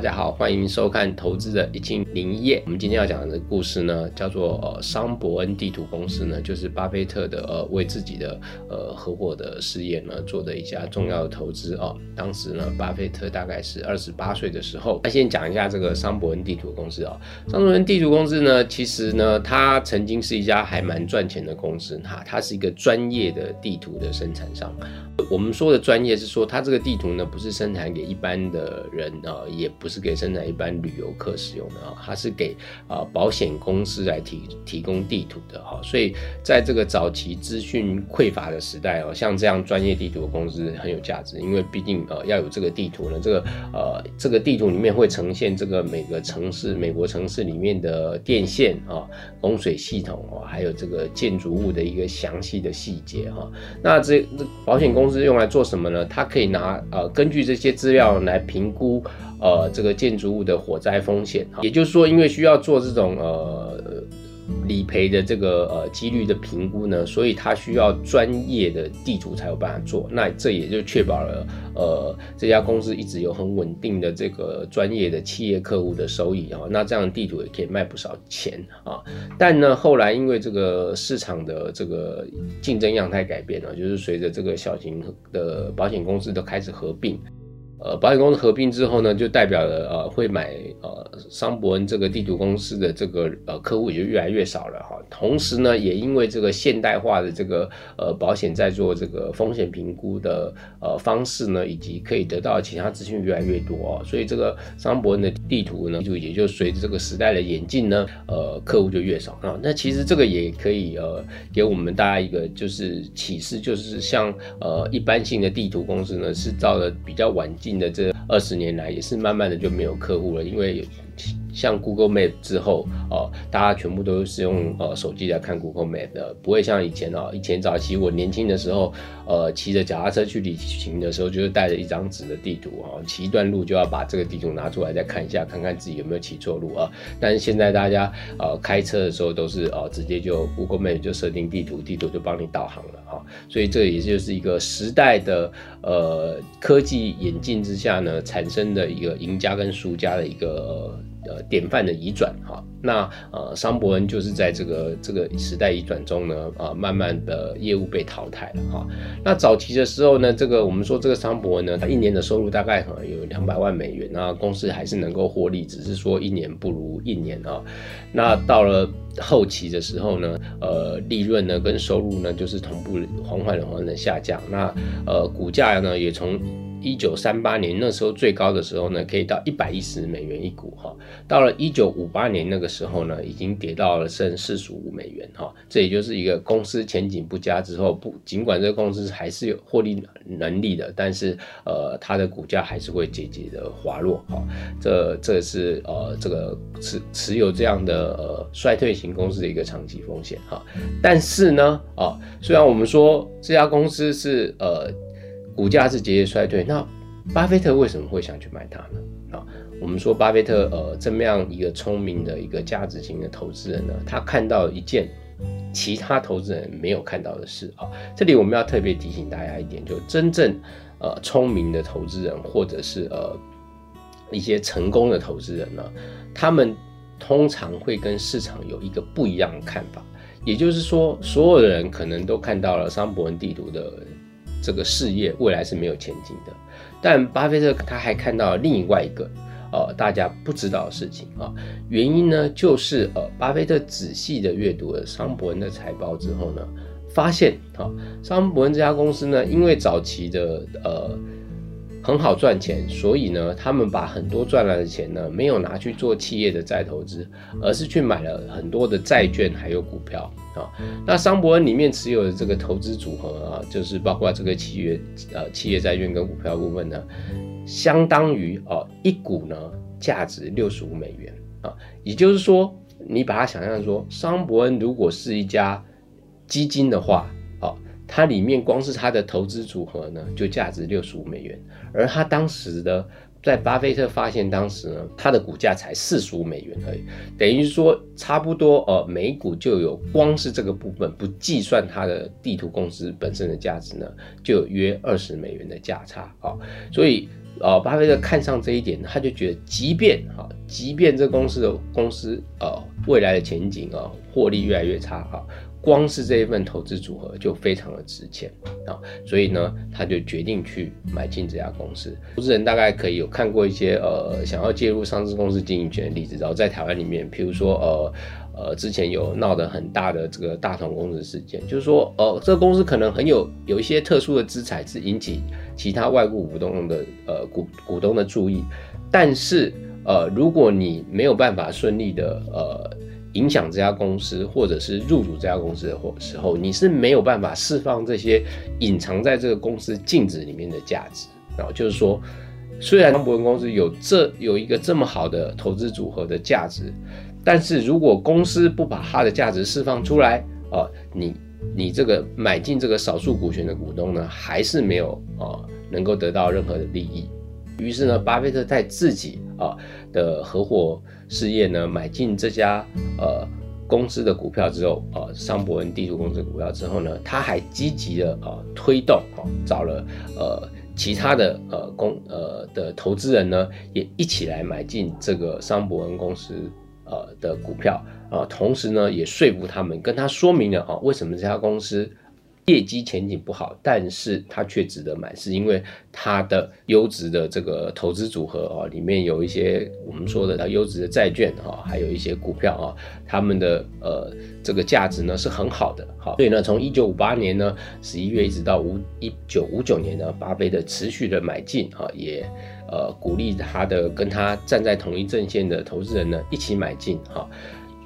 大家好，歡迎收看《投資的一千零一夜。我們今天要講的故事呢，叫做《呃、桑伯恩地圖公司》呢，就是巴菲特的呃為自己的呃合夥的事業呢做的一家重要的投資哦，當時呢，巴菲特大概是二十八歲的時候。先講一下這個桑伯恩地圖公司啊、哦。桑伯恩地圖公司呢，其實呢，它曾經是一家還蠻賺錢的公司哈。它是一個專業的地圖的生產商。我們說的專業是說，它這個地圖呢，不是生產給一般的人啊、呃，也不是。是給生產一般旅遊客使用的啊、哦，它是給啊、呃、保險公司來提提供地圖的哈、哦，所以在這個早期資訊匱乏的時代哦，像這樣專業地圖的公司很有價值，因為畢竟呃要有這個地圖呢，這個呃這個地圖裡面會呈現這個每個城市美國城市裡面的電線啊、哦、供水系統哦，還有這個建築物的一個詳細的細節哈、哦。那這這保險公司用來做什麼呢？它可以拿呃根據這些資料來評估呃。這個建築物的火災風險，也就是說，因為需要做這種呃理賠的這個呃幾率的評估呢，所以它需要專業的地圖才有辦法做。那這也就確保了呃這家公司一直有很穩定的這個專業的企業客戶的收益哦。那這樣地圖也可以賣不少錢啊。但呢，後來因為這個市場的這個競爭樣態改變了，就是隨着這個小型的保險公司都開始合併。呃，保險公司合併之後呢，就代表了呃，會買呃桑伯恩這個地圖公司的這個呃客戶也就越來越少了哈、哦。同時呢，也因為這個現代化的這個呃保險在做這個風險評估的呃方式呢，以及可以得到其他資訊越來越多哦，所以這個桑伯恩的地圖呢，就也就隨着這個時代的演進呢，呃，客戶就越少啊、哦。那其實這個也可以呃給我們大家一個就是啟示，就是像呃一般性的地圖公司呢，是造的比較晚近，近的這二十年來，也是慢慢的就沒有客戶了，因為有。像 Google Map 之後，哦、呃，大家全部都是用呃手機來看 Google Map 的，不會像以前哦。以前早期我年輕的時候，呃，騎着腳踏車去旅行的時候，就是帶着一張紙的地圖，哈、哦，騎一段路就要把這個地圖拿出來再看一下，看看自己有沒有騎錯路啊。但是現在大家呃開車的時候都是哦、呃，直接就 Google Map 就設定地圖，地圖就幫你導航了，啊、哦。所以這也就是一個時代的呃科技演進之下呢產生的一個贏家跟輸家的一個。呃呃，典範的移轉哈、哦，那呃，桑伯恩就是在這個這個時代移轉中呢，啊、呃，慢慢的業務被淘汰了哈、哦。那早期的時候呢，這個我們說這個桑伯恩呢，他一年的收入大概可能有兩百萬美元。那公司還是能夠獲利，只是說一年不如一年啊、哦。那到了後期的時候呢，呃，利潤呢跟收入呢就是同步緩緩緩緩的下降，那呃，股價呢也從。一九三八年那時候最高的時候呢，可以到一百一十美元一股哈。到了一九五八年那個時候呢，已經跌到了剩四十五美元哈。這也就是一個公司前景不佳之後，不儘管這個公司還是有獲利能力的，但是呃，它的股價還是會節節的滑落哈、哦。這這是呃這個持持有這樣的呃衰退型公司的一個長期風險哈、哦。但是呢啊、哦，雖然我們說這家公司是呃。股價是節節衰退，那巴菲特為什麼會想去買它呢？啊，我們說巴菲特，呃，這麼樣一個聰明的一個價值型的投資人呢，他看到一件其他投資人沒有看到的事啊，哦。這裡我們要特別提醒大家一點，就真正呃聰明的投資人，或者是呃一些成功的投資人呢，他們通常會跟市場有一個不一樣的看法。也就是說，所有的人可能都看到了桑伯恩地圖的。這個事業未來是沒有前景的，但巴菲特他還看到另外一個，呃，大家不知道的事情啊，原因呢就是呃，巴菲特仔細地閱讀了桑伯恩的財報之後呢，發現哈、啊，桑伯恩這家公司呢，因為早期的呃。很好賺錢，所以呢，他們把很多賺來的錢呢，沒有拿去做企業的再投資，而是去買了很多的債券還有股票啊。那桑伯恩裡面持有的這個投資組合啊，就是包括這個企業呃企業債券跟股票部分呢，相當於哦、呃、一股呢價值六十五美元啊，也就是說，你把它想象說，桑伯恩如果是一家基金的話。它裡面光是它的投資組合呢，就價值六十五美元，而他當時的在巴菲特發現當時呢，它的股價才四十五美元而已，等於說差不多呃，每股就有光是這個部分，不計算它的地圖公司本身的價值呢，就有約二十美元的價差啊、哦，所以呃，巴菲特看上這一點，他就覺得即便啊、哦，即便這公司的公司呃、哦、未來的前景啊，獲、哦、利越來越差、哦光是這一份投資組合就非常的值錢啊，所以呢，他就決定去買進這家公司。投資人大概可以有看過一些呃，想要介入上市公司經營權的例子，然後在台灣裡面，譬如說呃呃，之前有鬧得很大的這個大同公司事件，就是說呃，這個公司可能很有有一些特殊的資產是引起其他外部股東的呃股股東的注意，但是。呃，如果你沒有辦法順利的呃影響這家公司，或者是入主這家公司的或時候，你是沒有辦法釋放這些隱藏在這個公司鏡子裡面的價值啊。然後就是說，雖然桑伯恩公司有這有一個這麼好的投資組合的價值，但是如果公司不把它的價值釋放出來，呃，你你這個買進這個少數股權的股東呢，還是沒有，呃，能夠得到任何的利益。於是呢，巴菲特在自己，啊的合夥事業呢，買進這家呃公司的股票之後，呃，桑伯恩地圖公司的股票之後呢，他還積極的啊、呃、推動，啊、哦、找了呃其他的呃公呃的投資人呢，也一起來買進這個桑伯恩公司呃的股票啊，同時呢也說服他們跟他說明了啊、哦、為什麼這家公司。業績前景不好，但是它卻值得買，是因為它的優質的這個投資組合啊、哦，裡面有一些我們說的優質的債券啊、哦，還有一些股票啊、哦，他們的呃這個價值呢是很好的。好，所以呢，從一九五八年呢十一月一直到五一九五九年呢，巴菲特持續的買進啊，也呃鼓勵他的跟他站在同一陣線的投資人呢一起買進哈。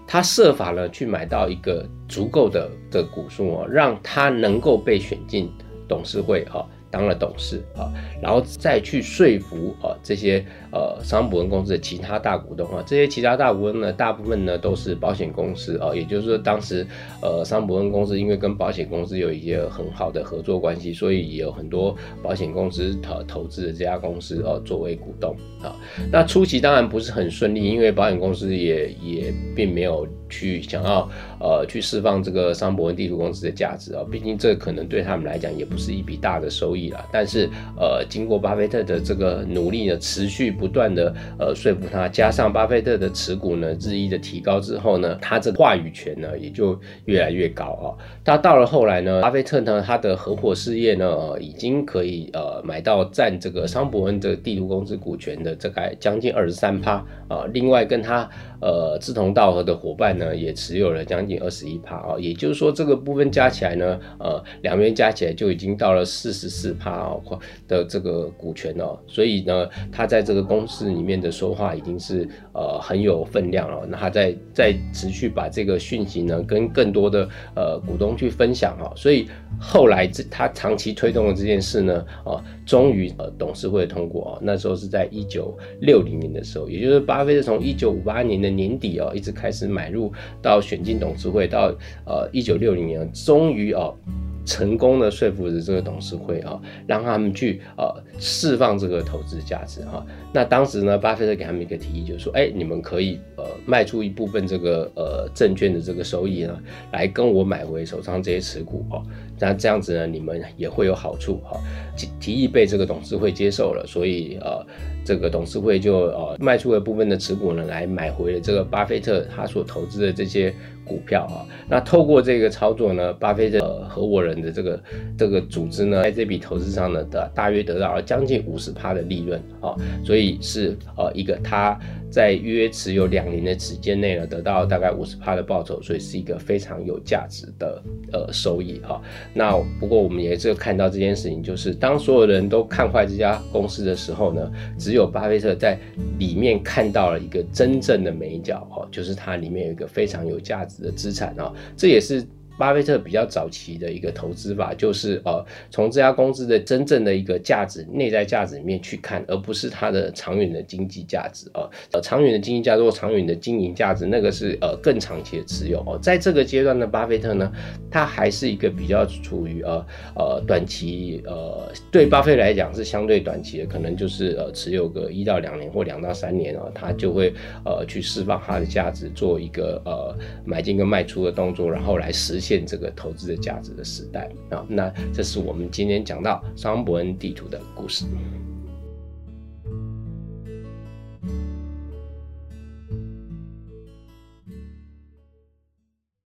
他設法呢去買到一個足夠的的股數啊，讓他能夠被選進董事會啊、哦。當了董事啊，然後再去說服啊這些呃桑伯恩公司的其他大股東啊，這些其他大股東呢，大部分呢都是保險公司啊，也就是說當時呃桑伯恩公司因為跟保險公司有一些很好的合作關係，所以也有很多保險公司投投資的這家公司啊作為股東啊。那初期當然不是很順利，因為保險公司也也並沒有去想要呃去釋放這個桑伯恩地圖公司的價值啊，畢竟這可能對他們來講也不是一筆大的收益。但是，呃，經過巴菲特的這個努力呢，持續不斷的呃說服他，加上巴菲特的持股呢日益的提高之後呢，他這個話語權呢也就越來越高啊，哦。他到了後來呢，巴菲特呢他的合夥事業呢，呃，已經可以呃買到佔這個桑伯恩的地圖公司股權的大概將近二十三趴啊，另外跟他，呃，志同道合的夥伴呢，也持有了將近二十一趴啊，也就是說，這個部分加起來呢，呃，兩邊加起來就已經到了四十四趴的這個股權了，哦，所以呢，他在這個公司裡面的說話已經是呃很有分量了，哦。那他在在持續把這個訊息呢跟更多的呃股東去分享哈，哦，所以後來這他長期推動的這件事呢，啊，呃。終於，呃，董事會通過啊、哦。那時候是在一九六零年的時候，也就是巴菲特從一九五八年的年底哦，一直開始買入，到選進董事會，到呃一九六零年，終於哦，成功的說服了這個董事會啊、哦，讓他們去呃釋放這個投資價值哈、哦。那當時呢，巴菲特給他們一個提議，就是說，哎，你們可以呃賣出一部分這個呃證券的這個收益呢，來跟我買回手上這些持股哦。那這樣子呢，你們也會有好處哈。提提議被這個董事會接受了，所以呃，這個董事會就呃賣出了部分的持股呢，來買回了這個巴菲特他所投資的這些股票哈、啊。那透過這個操作呢，巴菲特合夥、呃、人的這個這個組織呢，在這筆投資上呢大約得到了將近五十趴的利潤哈、啊。所以是呃、啊、一個他在約持有兩年的時間內呢，得到大概五十趴的報酬，所以是一個非常有價值的呃收益哈。啊那不過我們也是看到這件事情，就是當所有人都看壞這家公司的時候呢，只有巴菲特在裡面看到了一個真正的美角哦，就是它裡面有一個非常有價值的資產啊，這也是。巴菲特比較早期的一個投資法就是，呃，從這家公司的真正的一個價值、內在價值裡面去看，而不是它的長遠的經濟價值，呃，長遠的經濟價值或長遠的經營價值，那個是呃更長期的持有哦、呃。在這個階段的巴菲特呢，他還是一個比較處於呃呃短期，呃，對巴菲特來講是相對短期的，可能就是呃持有個一到兩年或兩到三年啊、呃，他就會呃去釋放他的價值，做一個呃買進跟賣出的動作，然後來實。現這個投資的價值的時代啊，那這是我們今天講到桑伯恩地圖的故事。